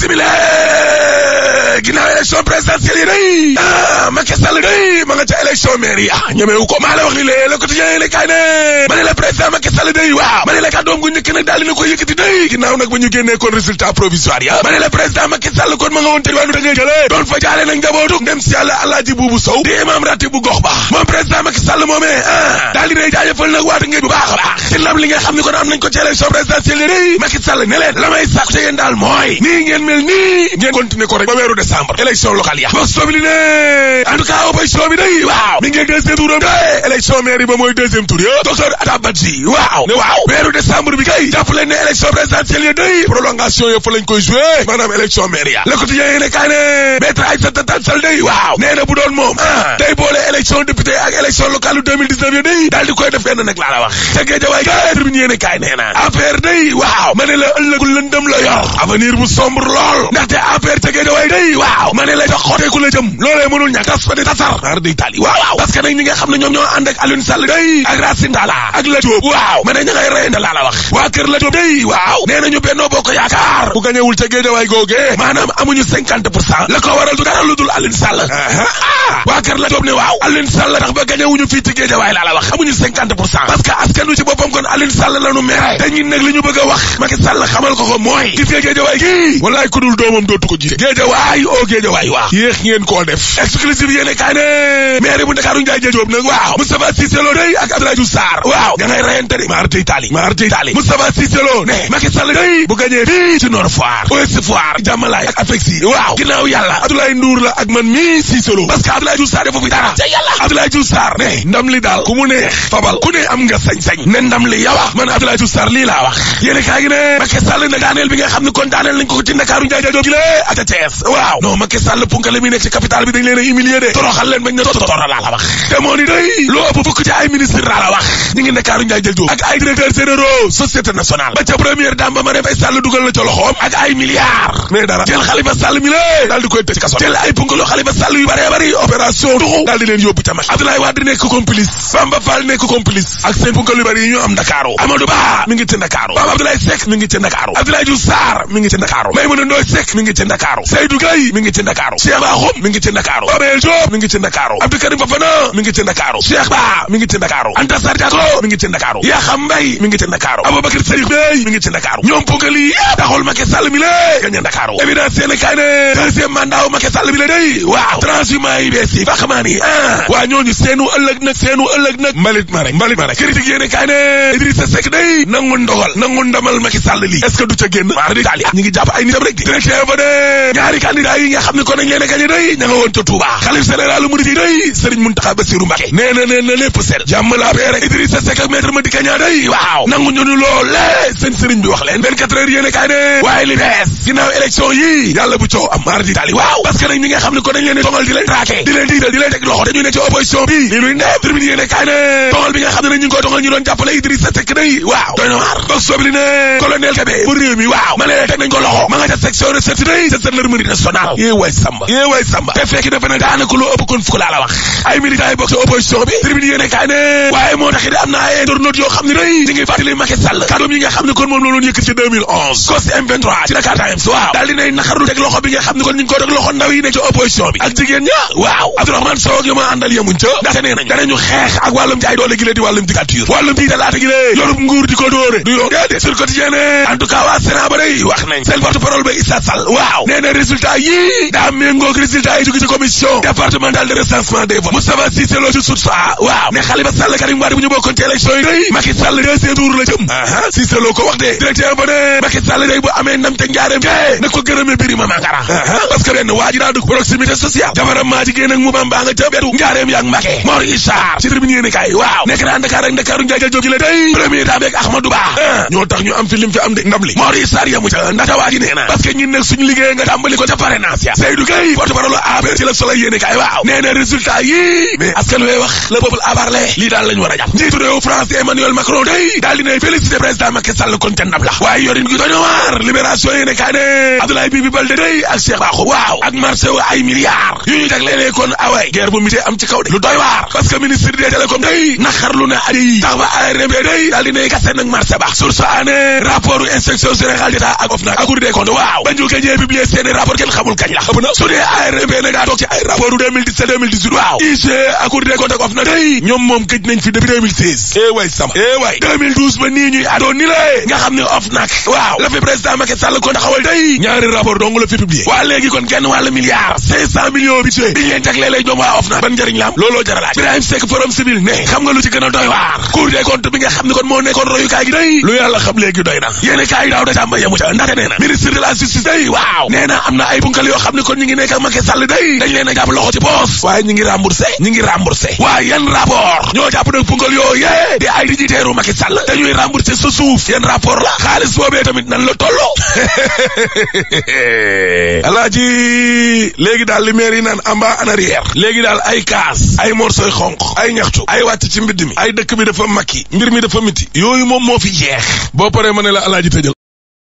similares. élection présidentielle yi day ah Macky Sall day ma nga ca élection maire yi ah ñemewu ko maa la wax ma ne la day waaw ma ne la kàddoom ma ne la président ma nga woon te waanu da ngay jëlee doon fa jaale nag njabootu ndem si yàlla alaaji buubu sow di imaam rati bu gox ba moom président Macky Sall moomee ah daal di nay jaajëfal nag waata ngay bu baax a baax lam li nga xam ne kon am nañ ko ci élection présidentielle yi day Macky Sall ne leen la may sàkku ci yéen daal mooy nii ngeen mel nii ngeen élection locale ya ah. vox populi ne en tout cas opposition bi day waaw mi ngi deuxième tour am de élection maire yi ba mooy deuxième tour ya docteur Atta Badji waaw ne waaw weeru décembre bi kay jàpp leen ne élection ya day prolongation ya fa lañ koy joué maanaam élection ya le quotidien yi ne kaa ne maître Aïssata day waaw nee bu doon moom ah, ah. day boole élection député ak élection locale 2019 ya day daal di koy def nag laa la ca Guédiawaye kay tribune day ma ne la ca xooteeku la jëm loolee mënul ñàkk tas fa di tasar ar di tali waaw waaw parce que nag ñi nga xam ne ñoom ñoo ànd ak Sall day ak Racine Talla ak la Diop waaw ma ne ña ngay laa la wax waa la Diop day waaw nee nañu Benno Bokk Yaakaar bu gañewul ca géejawaay googee maanaam amuñu cinquante pour cent waral dara lu dul Aliou Sall ah, ah. waa kër la Diop ne waaw Aliou Sall tax ba gañewuñu fii ci géejawaay laa la wax amuñu cinquante pour cent parce que ci boppam kon Aliou Sall lañu a waay waaw yéex ngeen koo def exclusive yéene kaay ne maire bu Ndakaaru Ndiaye Dia Diop waaw Moustapha Cissé day ak Abdoulaye Diouf waaw ña ngay reyante de maar dey taali maar dey taali Moustapha Cissé ne Macky Sall day bu gañee fii ci Nord Foire Ouest Foire jàmmalaay ak affecti waaw ginnaaw yàlla Abdoulaye Ndour la ak man mii Cissé Lo parce que Abdoulaye Diouf Sarr defu fi dara ca yàlla Abdoulaye Diouf Sarr ne ndam daal ku mu neex fabal ku ne am nga sañ-sañ ne ndam bi nga xam ne kon daaneel nañ ko Sall punkale mi nekk ci capital bi dañ leen a humilier de toroxal leen bañ ne totora laa la wax te moo ni day loo ëpp fukk ci ay ministre laa la wax ñi ngi nekkaaru njaay jël jóob ak ay directeur généraux société nationale ba ca première dame ba Marième Faye Sall dugal na ca ak ay milliards mais dara jël Khalifa Sall mi lé di koy tëj kaso jël ay punkaloo Khalifa Sall yu bëree bëri opération duxu daal di leen yóbbu ca mac Abdoulaye Wade nekk nekk complice ndakaaru Cheikh Ba Xum mi ngi ci ndakaaru Babel Diop mi ngi ci ndakaaru Abdou Karim Fofana mi ngi ci ndakaaru Cheikh Ba mi ngi ci ndakaaru Anta Sarr Diago mi ngi ci ndakaaru Yaxa Mbay mi ngi ci ndakaaru Aboubacar Sadiq Bey mi ndakaaru ñoom ponkali yëpp taxul Macky Sall mi la gañe ndakaaru day waaw transhumance yi bees yi faxamaan yi ah. waa ñooñu seenu ëllëg nag seenu ëllëg nag mbalit ma rek mbalit ma rek critique yéen kay ne Idrissa Seck day nangu ndogal nangu ndamal Macky Sall lii est-ce génn maa di taali ñu ngi ñi ko nañ leen a gañe day ña nga woon ca Touba xalif général murid yi day Serigne Mountakha Bassirou Mbacké nee na nangu ñu loole seen Serigne bi wax leen 24 heures waaye li bees ginnaaw élection yi yàlla bu coow am mardi tali waaw parce que nag ñi nga xam ne ko nañ leen songal di leen traqué di leen teg loxo dañu ne ci opposition bi li luy ndeem tribune tongal bi nga xam ne ñu ngi tongal ñu doon jàppale Idrissa Seck day waaw doy na waar boog sobli ne colonel réew mi waaw ma ne teg nañ ko loxo ma nga ca section de day sa waay samba yée waay samba te fekk loo ëpp kon fukk laa la wax ay militants yi bokk ci opposition bi tribune yéene kaay ne waaye moo tax it am na ay internautes yoo xam ne day di ngi fàttali Macky Sall kàddoom yi nga xam ne kon teg loxo bi nga xam ne ko loxo ndaw yi ne ci opposition bi ak jigéen ña waaw Abdourahmane Sow ak yo ma àndal yemuñ ca ndaxte nee nañ danañu xeex ak wàllum jaay doole gi lee di wàllum dictature wàllum tii dalaata gi lee yorub bi daa méngoog résultat yi jóge ci commission départementale de recensement des votes Moustapha Cissé Lo ci sut saa waaw ne Khalifa Sall Karim Wade bu ñu bokkoon ci élection yi day Macky Sall deuxième tour la jëm aha ko wax directeur ba ne Macky Sall day bu amee ndam te njaareem kay na ko gërëmee Birima Mangara parce que benn waa ji proximité sociale jabaram maa jigéen mu bambaa nga ca betu njaareem yaa ngi Mbacké ci tribune yéene kaay waaw tax ñu am fi lim fi am de Seydou Gueye porte-parole APR ci Le Soleil yéene kaay waaw nee résultat yi mais askan wi wax le peuple abarle lii daal lañu war a jàpp njiitu réew France Emmanuel Macron day daal dina félicité président Macky Sall konte ndam la waaye yorin gi doño waar libération yéene kaay ne Abdoulaye Bibi Baldé day ak Cheikh Bakhoum waaw ak marché wu ay milliards yu ñu jaglelee kon away ah guerre bu mitee am ci kaw de lu doy waar parce que ministre des télécoms day ëpp na su dee ARMP nag daa toog ci ay rapport 2017 2018 waaw IGE ak Cour des comptes ak OFNAC ñoom moom gëj nañ fi depuis 2016 eh sama eh way ba nii ñuy adoon ni lée nga xam ne OFNAC waaw la fi président Macky Sall ko taxawal day ñaari rapport dong la fi publié waa léegi kon genn wàllu milliard 500 millions budget bi ñu leen jagleel ñoom waa OFNAC ban njëriñ la looloo jaralaaj Ibrahim Seck forum civil ne xam nga lu ci gën a doy waar Cour des comptes bi nga ne kon ñi ngi nekk ak Macky Sall day dañ leen a jàpp loxo ci poos waaye ñi ngi remboursé ñi ngi remboursé waaye yan rapport ñoo jàpp nag pungal yooyee di ay dijiteeru Macky Sall dañuy remboursé sa suuf yan rapport la xaalis boobee tamit nan la tolloo alaaji léegi daal li maire yi naan amba en arrière léegi daal ay kaas ay morsoy xonq ay ñaxtu ay wàcc ci mbidd mi ay dëkk bi dafa makki mbir mi dafa miti yooyu moom moo fi jeex boo paree ma ne la alaaji tëjal